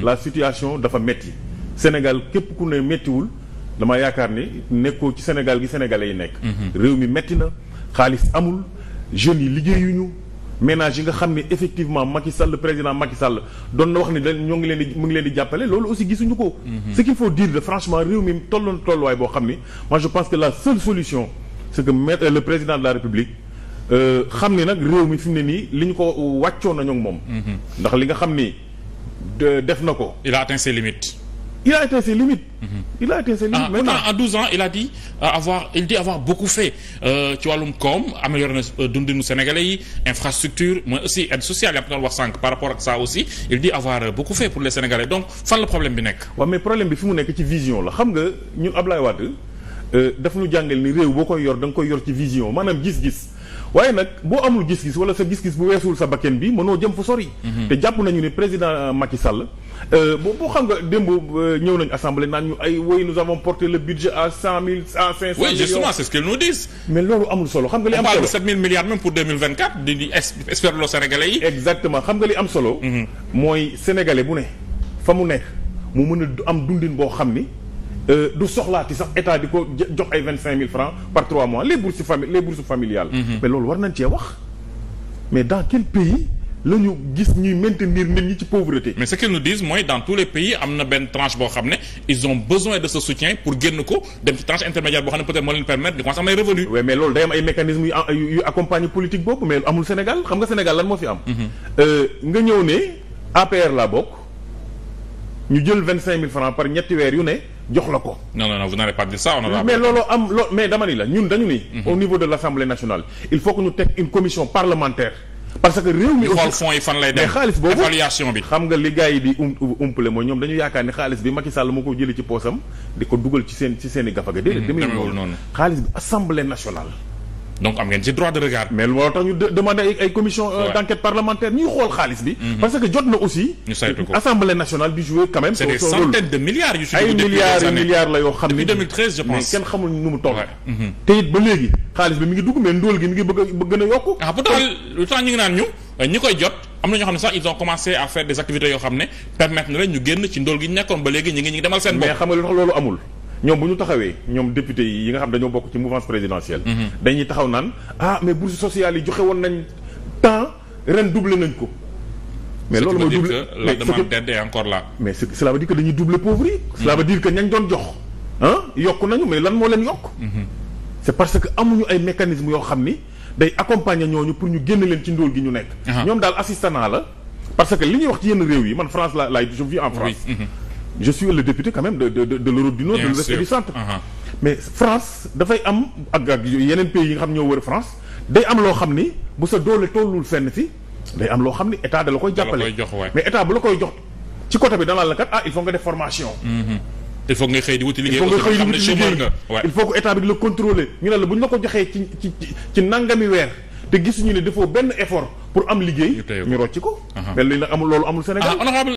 Mm-hmm. la situation dafa metti Sénégal képp ku ne méttiwul dama yaakaar ni nekkoo ci Sénégal gi sénégalais yi nekk. Mm-hmm. réew mi metti na xaalis amul jeunes yi liggéeyuñu ménage yi nga xam ne effectivement Macky Sall président Macky Sall doon na wax ne dañ ñoo ngi leen di mu ngi leen di jàppale loolu aussi gisuñu ko. Mm-hmm. ce qu'il faut dire de franchement réew mi tolloon tolluwaay boo xam ni moi je pense que la seule solution c'est que mettre le président de la République. Euh, xam ni nag réew mi fi ne nii li ko wàccoon nañu moom. def na ko. il a atteint ses limites. il a atteint ses limites. Mm-hmm. il a atteint ses ah, en douze ans il a dit euh, avoir il dit avoir beaucoup fait euh, ci wàllum koom amélioré na euh, dundinu sénégalais yi infrastructure mooy aussi aide sociale yaa ngi doon wax sànq par rapport ak saa aussi il dit avoir beaucoup fait pour les sénégalais donc fan la problème bi nekk. waaw mais problème bi fi mu nekk ci vision la xam nga ñun Ablaye Wade. Euh, daf ñu jàngal ni réew boo koy yor da nga koy yor ci vision maanaam gis-gis waaye nag boo amul gis-gis wala sa gis-gis bu weesuwul sa bakken bi mënoo jëm fu sori. Mhm. te jàpp nañu ne président Macky Sall euh, boo boo xam nga démb euh, ñëw nañu assemblée naan ñu ay woy nous avons porté le budget à cent mille à cinq cent. oui justement c'est mais loolu amul solo xam nga li am solo on parle de pour deux mille vingt quatre exactement xam nga li am solo. Mhm. mooy sénégalais bu ne fa mu nekk mu mën a am dundin boo xam ni. Euh, du soxlaati sax état di ko jox ay vingt cinq mille francs par trois mois les bourses fami les mm-hmm. mais loolu war nañ cee wax mais dans quel pays la ñu gis ñuy maintenir nit ñi ci pauvreté. mais ce qu'ils nous disent mooy dans tous les pays am na benn tranche boo xam ne ils ont besoin de ce soutien pour génn ko dem ci tranche intermédiaire boo xam ne peut-être moo leen permettre di commencer am ay revenus. mais loolu day am ay mécanismes yu accompagne politique boobu mais amul nga Sénégal lan moo fi mm-hmm. euh, bokk ñu jël vingt cinq mille francs par ñetti yu ne. jox la ko. non non non mais looloo am loo mais dama ni la ñun dañu ni. Mhm. au niveau de l'Assemblée nationale il faut que ñu teg une commission parlementaire. parce que réew mi aussi lay dem mais xaalis boobu évaluation bi. xam nga li gars yi di um umpale mooy ñoom dañu yaakaar ni xaalis bi Macky Sall moo ko jëlee ci poosam di ko dugal ci seen ci seen i gafaga. Mhm, déedéet demeewul noonu xaalis bi assemblée nationale. donc am ngeen ci droit de regard. mais looloo tax ñu demandé ay ay commission euh, d' parlementaire ñuy xool xaalis bi. Mhm. parce que jot na aussi. ñu saytu ko assemblée nationale bi joué quand même. c' ay milliards la yoo xam ne depuis 2013 je pense mais kenn xamul nu mu toll. Mhm. te it ba léegi xaalis bi mi ngi dugg mais ndóol gi mi ah, euh, xam ne sax ils ont yoo xam ne permettre na leen ñu génn ci ndóol gi ñu nekkoon ba léegi ñu ngi ñu ngi demal seen bopp mais ñoom bu ñu taxawee ñoom député yi yi nga xam dañoo bokk ci mouvance présidentielle. Mhm. dañuy taxaw naan ah mais bourse sociale yi joxe woon nañ temps ren doublé nañ ko. mais loolu mooy doublé la demande d'aide est encore là. mais cela veut dire que dañuy doublé pauvres yi. cela veut mhm. dire que ñañ doon jox. yokk nañu mais lan moo leen yokk. Mhm. c'est parce que amuñu ay mécanismes yoo xam ni day accompagner ñooñu pour ñu génne leen ci ndóol gi ñu nekk. ñoom daal assistant la. yi man je suis le député quand même de de de de l'Europe du Nord. de l'Ouest et du centre. Uh-huh. mais France dafay am ak ak yeneen pays yi nga xam ñoo wër France day am loo xam ni bu sa doole tollul fenn si day am loo xam ni état da la koy jàppale. mais état bu la koy jox ci côté bi danaa la kat ah il faut nga def formation. Mm-hmm. il faut nga xëy bi di la contrôler ñu ne la bu ñu la ko joxee ci nangami weer. te gisuñu ne defoo benn effort pour am liggéey. ñu rocci ko. Uh-huh. mais loolu